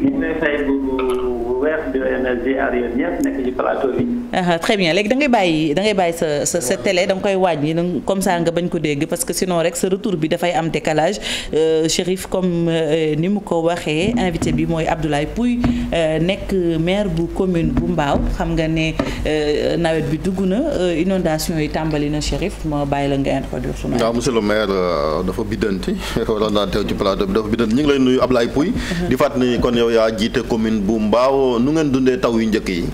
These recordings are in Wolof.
ñu ngi lay fay bu bu bu weer bi leen ziar yéen ñëpp nekk ci plateau bi. très bien léegi da ngay bàyyi da ngay bàyyi sa sa sa télé da nga koy wàññi comme ça nga bañ ko dégg parce que sinon rek sa retour bi dafay am décalage euh, Chérif comme euh, ni mu ko waxee invité bi mooy Abdoulaye Pouy euh, nekk maire bu commune bu mbaaw xam nga ne nawet bi dugg na inondation yi tàmbali na Chérif ma bàyyi la nga introduire sunu. waaw monsieur le maire dafa biddanti waroon naa teew ci plateau bi dafa biddanti ñu ngi lay nuyu Abdoulaye Pouy. di fàttali kon yow yaa taw yu njëkk yi.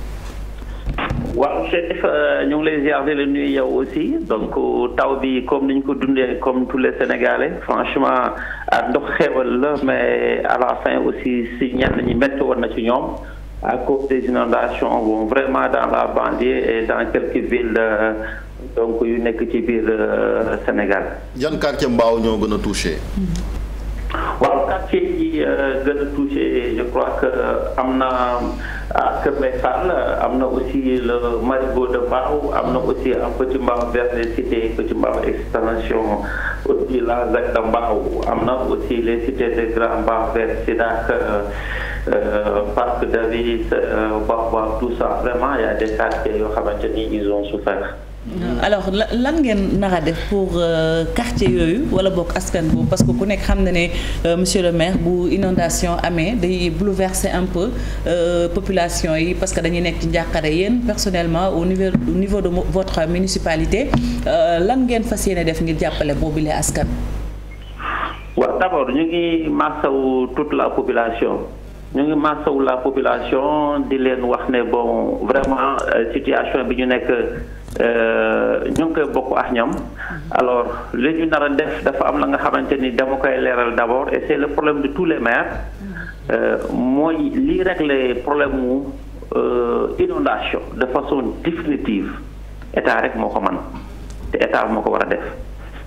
waaw Chérif euh, ñu ngi lay ziar di la nuyu yow aussi donc taw bi comme ni ñu ko dundee comme tous les Sénégalais franchement ah, ndox xéewal la mais à la fin aussi si ñenn ñi métti woon na ci ñoom à cause des inondations vraiment dans la banlieue et dans quelques villes euh, donc yu nekk ci biir euh, Sénégal. yan quartier mbaaw ñoo gën a touché. Mm-hmm. quartier yi euh, gën a touché je crois que euh, am na à Kër Maysal euh, am na aussi le Marigot de Mbao am na aussi à Petit Mbao vers les cités Petit Mbao extension au-delà de Mbao am na aussi les cités de Grand Mbao vers Sidak parc Davis Baobab tout ça vraiment y a des yoo xamante ni ils ont souffert. alors lan ngeen nar a def pour euh, quartier yooyu wala bokk askan boobu parce que ku nekk xam na ne euh, monsieur le maire bu inondation amee day bouleverser un peu euh, population yi parce que dañuy nekk ci njàqare yéen personnellement au niveau au niveau de votre municipalité lan ngeen fas yéene def ngir jàppale boobule askan. waaw d'abord ñu ngi masawu toute la population. ñu ngi masawu la population di leen wax ne boobu vraiment euh, situation bi ñu nekk euh, ñu ngi koy bokk ak ñoom alors li ñu nar def dafa am la nga xamante ni dama koy leeral d'abord et c'est le problème de tous les maires euh, mooy lii régler problème mu inondation de façon définitive état rek moo ko mën te état moo ko war a def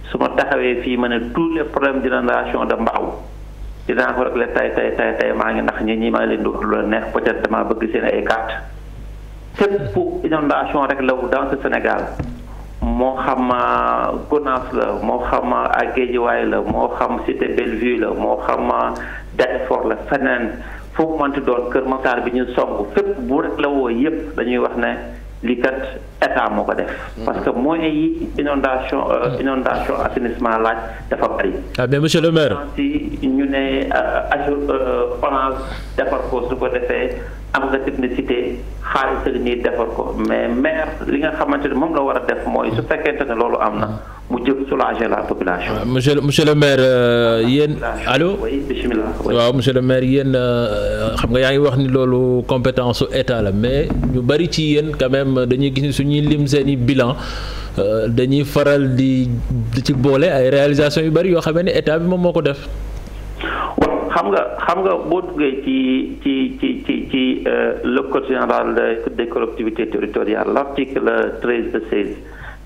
su ma taxawee fii ma ne tous les problèmes d'inondation de Mbao dinaa ko réglé tay tay tay tay maa ngi ndax ñi ñi maa ngi leen di wax lu la neex peut-être bëgg seen ay carte fépp inondation rek la dans ce Sénégal moo xam euh, Gonaas la moo xam euh, Guédiawaye la moo xam Cité Bellevue la moo xam euh, Dalifort la feneen foofu mënti doon Kër Massar bi ñu song fépp bu rek la woo yépp dañuy wax ne li kat état moo ko def. Mm-hmm. parce que mooy yi inondation euh, mm-hmm. inondation assainissement laaj dafa bari. ah monsieur le maire. si ñu ne agir euh, e, euh, orange defar ko su ko defee. am nga technicité xaalis mais maire li nga xamante ne moom la war a def mooy su fekkente ne loolu am na mu jëm soulager la population. Euh, monsieur monsieur le maire euh, yéen alo bismillah waaw monsieur le maire yéen euh, xam nga yaa ngi wax ni loolu compétence su état la mais ñu bari ci yéen quand même dañuy gis ni suñuy lim seeni bilan dañuy faral di ci boole ay réalisation yu bari yoo xam ne état bi moom moo ko def. xam nga xam nga boo duggee ci ci ci ci ci euh, le code général des collectivités territoriales l'article treize de seize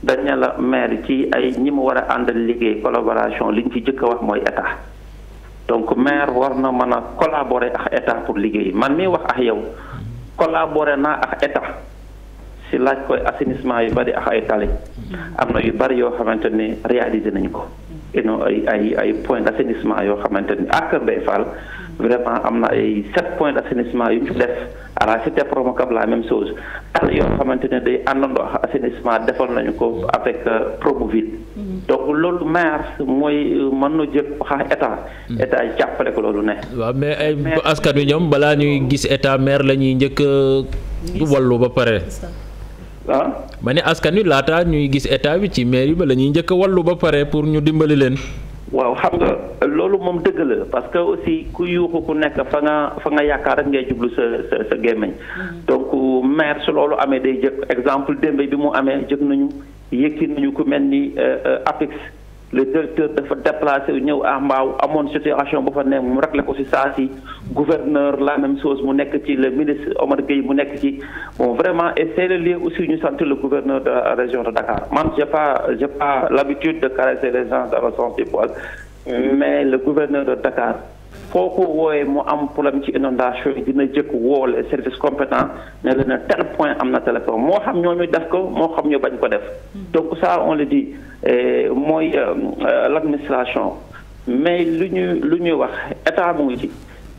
dañ ne la maire ci ay ñi mu war a àndal liggéey collaboration li ñu ci jëkk a wax mooy état donc maire war na mën a collaborer ak état pour liggéey man mi wax ak yow collaborer naa ak état si laaj koy assainissement yu bari ak ay tali am na yu bari yoo xamante ni réalisé nañu ko. you know ay ay point d' yoo xamante ni ak Kër Mbaye Fall vraiment am na ay sept points d' assainissement yu ñu fi def à la cité promocab la même chose tal yoo xamante ne day àndandoo assainissement defal nañu ko avec euh, Promoville mm-hmm. donc loolu maire mooy euh, mën na jëkk wax état mm-hmm. état jàppale ko loolu ne waaw mais ay askan wi ñoom balaa ñuy gis état maire la njëkk wallu ba pare ah? ma ne askan wi laata ñuy gis état bi ci mairie ba la ñuy njëkk a wallu ba pare pour ñu dimbali leen. waaw xam nga loolu moom dëgg la parce que aussi ku yuuxu ku nekk fa nga fa nga yaakaar ak ngay jublu sa sa sa gémmiñ mm-hmm. donc maire su loolu amee day jëkk exemple démb bi mu amee jëkk nañu yëkki nañu ku mel ni euh, euh, APEX. le directeur dafa déplacé ñëw à Mbao amoon situation ba fa ne mu réglé ko si saa si gouverneur la même chose mu nekk ci le ministre Omar Gueye mu nekk ci bon vraiment et c'est le lieu aussi ñu sant le gouverneur de la région de Dakar man j'ai pas j'ai pas l'habitude de caresser les gens dans le sens du poil mm-hmm. mais le gouverneur de Dakar kooku ko wooyee mu am problème ci inondation yi dina jëkk wool service compétent ne la ne point am na téléphone moo xam ñoo ñooñu def ko moo xam ñu bañ ko def donc ça on le dit euh, mooy euh, l'administration mais lu ñuy lu ñuy wax état mu ci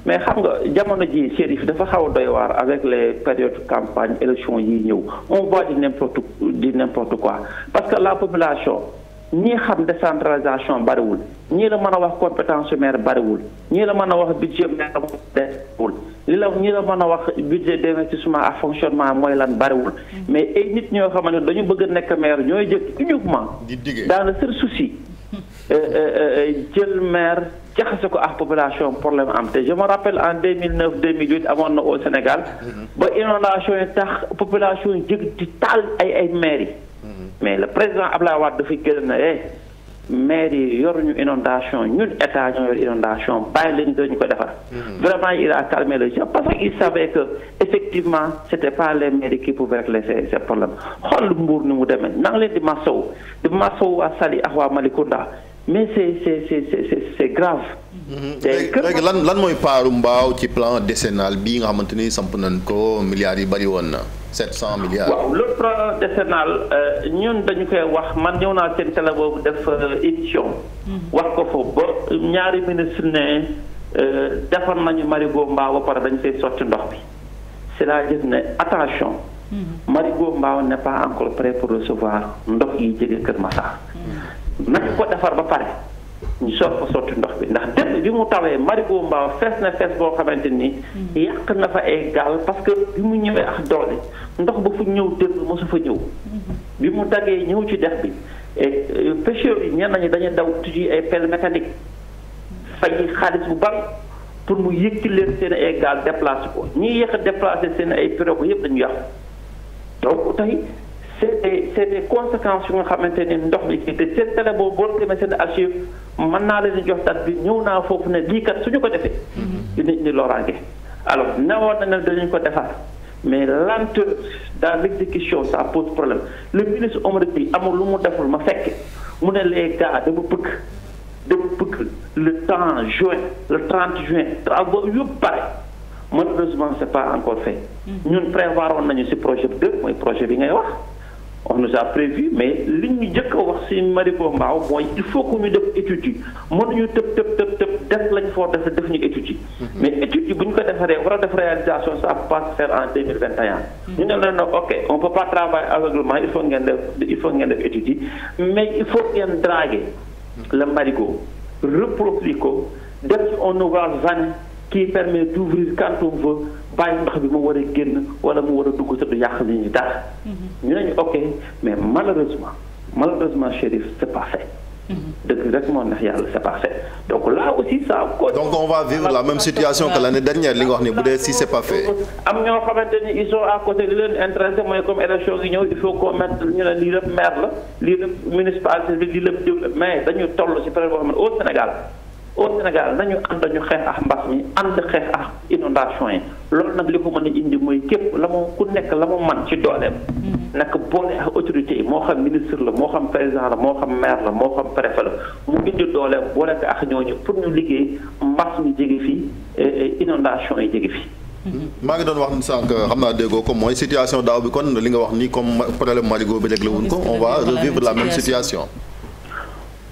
mais xam nga jamono ji Chérif dafa xaw a doy waar avec les périodes campagne élection yi ñëw on voit di n'importe du n'importe quoi parce que la population ñii xam décentralisation bariwul ñii la mën a wax compétence maire bariwul ñii la mën a wax budget maire li la ñii la mën a wax budget d' investissement ak fonctionnement mooy lan bariwul mais ay nit ñoo xamante ne dañu bëgg a nekk maire ñooy jël uniquement dans le seul souci euh, euh, euh, jël maire jaxase ko ak population problème am te je me rappelle en 2009 2008 amoon na au Sénégal mm-hmm. ba inondation yi tax population jëg di taal ay ay maires yi mais le président Abdoulaye Wade dafa gën na eh maire yi yoruñu inondation ñun état ñoo yor inondation bàyyi leen dañu ko defar. Mhm. vraiment il a calmé le jeu parce que il savait que effectivement c' était pas les maires qui pouvaient régler ces ces problèmes xool mbuur ni mu demee na nga leen di masow di masow waa Saly ak waa Malicounda mais c' est c' est grave. Mhm. lan lan mooy paaru mbaaw ci plan décennal bi nga xamante ni samp nañ ko milliards yi bari woon na. 700 milliards waaw le plan décennal euh, ñun dañu koy wax man ñëw naa seen télé boobu def euh, édition. Mm-hmm. wax ko foofu ba ñaari ministre ne euh, defar nañu Marigot Mbao ba pare dañu koy sotti ndox bi c'est-à-dire ne attention. Mm-hmm. Marigot Mbao n'est pas encore prêt pour recevoir ndox yi jege Kër Massar. Mm-hmm. nañu ko defar ba pare. ñu soog ko sotti ndox bi ndax démb bi mu tawee marigot mbaaw fees na fees boo xamante ni. yàq na fa ay gaal parce que bi mu ñëwee ak doole ndox ba fu ñëw démb mosu fa ñëw. bi mu daggee ñëw ci dex bi eh, eh, pêcheurs yi ñenn ñi dañu daw tuji ay pelle mécanique fay xaalis bu bari pour mu yëkki leen seen ay gaal déplacé ko ñiy yéex a déplacé seen ay pirogue yëpp dañu yàqu donc tey c' est des c' est des yu nga xamante ne ndox bi te seen télé boobu boo demee seen archive mën naa leen di jox date bi ñëw naa foofu ne lii kat suñu ko defee. dinañ mhm. ni loraange. alors newoon na ne dañu ko defar mais lenteur dans l'exécution ça pose problème le ministre Omar Gueye amul lu mu deful ma fekk mu ne lee gars dama bëgg dama bëgg le temps juin le 30 juin travaux yëpp pare malheureusement c'est pas encore fait. Mhm. ñun prévoir woon nañu ci projet bi deux mooy projet bi ngay wax. on nous a prévu mais li ñu njëkk a wax si Maribo Mbaaw mooy il faut que ñu def études yi mënuñu tëb tëb tëb tëb def lañ foo def def ñu études mhm. mais études bu ñu ko defaree war a def réalisation ça peut faire en deux mille vingt et un ñu ne la ne ok on peut pas travailler aveuglement il faut ngeen def il mais il faut ngeen draguer mhm. le marigot reproprier ko def un ouvrage vanné qui permet d'ouvrir quand on veut. bàyyi ndox bi mu war a génn wala mu war a dugg sa du yàq li ñuy dara. Mhm. ñu ne ñu ok mais malheureusement malheureusement Chérif c'est pas fait. Mhm. dëgg rek moo neex yàlla c'est pas fait donc là aussi ça cause. donc on va vivre la même situation que l'année dernière li nga wax ni bu dee si c'est pas fait. am ñoo xamante ni ils sont à côté li leen intéressé mooy comme élection gi ñëw il faut qu'on mette ñu maire la lii lépp municipalité si période boo xam ne au Sénégal au Sénégal nañu ànd ñu xeex ak mbas mi ànd xeex ak fondation yi loolu nag li ko mën a indi mooy képp la mu ku nekk la mu man ci dooleem. Mm-hmm. naka boole ak autorité yi moo xam ministre la moo xam président la moo xam maire la moo xam préfet la mu indi dooleem boole ko ak ñooñu pour ñu liggéey mbas mi jege fi eh, eh, inondation yi jege fi. Mm-hmm. maa ngi doon wax sànq xam naa déggoo ko mooy situation daaw bi kon li nga wax nii comme problème marigot bi réglé wuñ ko on va revivre la même situation.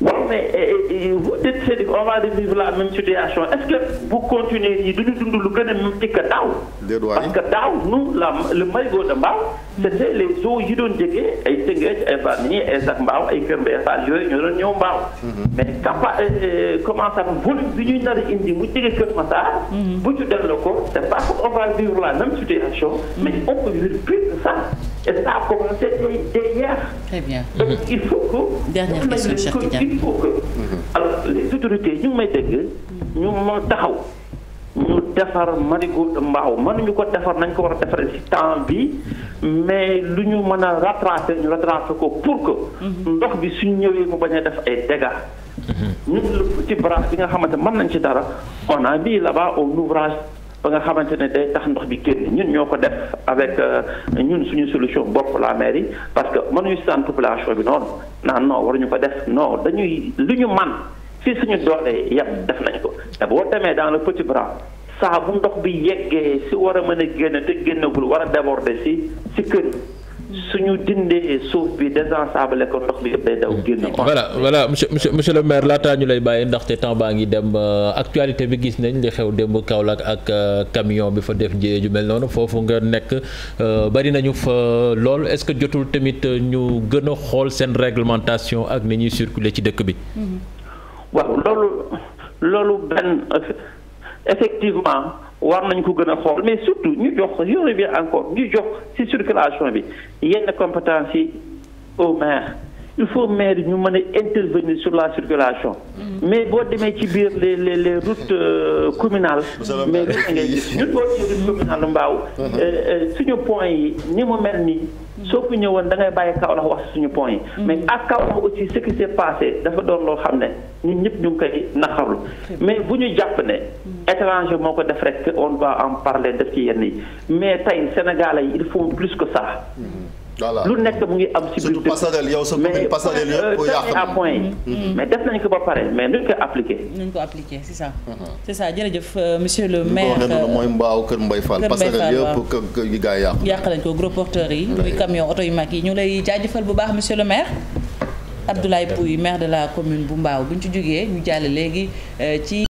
waaw mais eh, vous dites c'est on va revivre la même situation est-ce que bu continuer nii du ñu dund lu gën a métti que daaw. parce que daaw nous la le marigot de Mbao. c'était les eaux yi doon jege ay Tëngéej ay Bargny ay Zac Mbao ay Kër Mbaye Fall yooyu ñoo doon ñëw Mbao. Mhm. mais capa euh, euh, comment ça volume bi ñuy nar a indi mu jege Kër Massar. Mhm. bu ñu delloo ko te parce qu'on va vivre la même situation. Mhm. mais on peut vivre plus que ça a commencé dès hier. très bien. donc mhm. il faut que. dernière question Cheikh Tidiane il faut que. Mhm. les autorités ñu ngi may dégg. ñu ma taxaw. ñu defar marigot mbaaw mënuñu ko defar nañ ko war a defar ci temps bi mais lu ñu mën a rattraper ñu rattraper ko pour que. Mhm. ndox bi suñ ñëwee mu bañ a def ay dégâts. ñun ci branche bi nga xamante mën nañ ci dara on a mis là-bas un ouvrage. ba nga xamante ne day tax ndox bi génn ñun ñoo ko def avec euh, ñun suñu solution bopp la mairie parce que mënuñu sant population bi noonu naan war waruñu ko def non dañuy lu ñu man fii suñu doole yem def nañ ko te boo demee dans le petit bras saa bu ndox bi yeggee si war a mën a génn te génnagul war a déborder si si kër suñu dindee suuf bi désensablé ko ndox bi yëpp day daw génn. Mm. voilà voilà monsieur monsieur monsieur le maire laataa ñu lay bàyyi ndaxte temps baa ngi dem euh, actualité bi gis nañ li xew démb Kaolack ak euh, camion bi fa def jéeju mel noonu foofu nga nekk euh, bari nañu fa lool est-ce que jotul tamit ñu gën a xool seen réglementation ak ni ñuy circuler ci dëkk bi. Mm-hmm. waaw loolu loolu benn effectivement. war nañ ko gën a xool mais surtout ñu jox je reviens encore ñu jox si ci circulation bi yenn compétence yi au il faut maire ñu mën a intervenir sur la circulation. Mm-hmm. mais boo demee ci biir les les les routes euh, communales. mais gis nga gis ñun boo ci route communale mbaaw. Mm-hmm. Euh, euh, suñu point yi ni mu mel ni soo ko ñëwoon da ngay bàyyi Kaolack wax suñu point yi. Mm-hmm. mais ak Kaolack aussi ce qui s'est passé dafa doon loo xam ne ñun ñëpp ñu ngi koy naqarlu mais bu ñu jàpp ne. étranger moo ko def rek on va en parler def ci yenn yi mais tey sénégalais yi il faut plus que ça. lu nekk mu ngi am. ci biir passerelle sa commune passerelle yëpp euh, yàq à yi. Mm-hmm. Mm-hmm. mais def nañ ko ba pare mais nuñ ko appliqué. nuñ ko appliqué c'est ça. Mm-hmm. c'est ça jërëjëf euh, monsieur le maire. li ko mooy euh, mbaaw Kër Mbaye Fall. passerelle yëpp kër kër yi gaa yàq. nañ ko gros porteurs yi. muy camion oto yu mag yi ñu lay jaajëfal bu baax monsieur le maire. Abdoulaye Pouy maire de la commune bu Mbaaw bu ñu ci jógee ñu jàll léegi ci.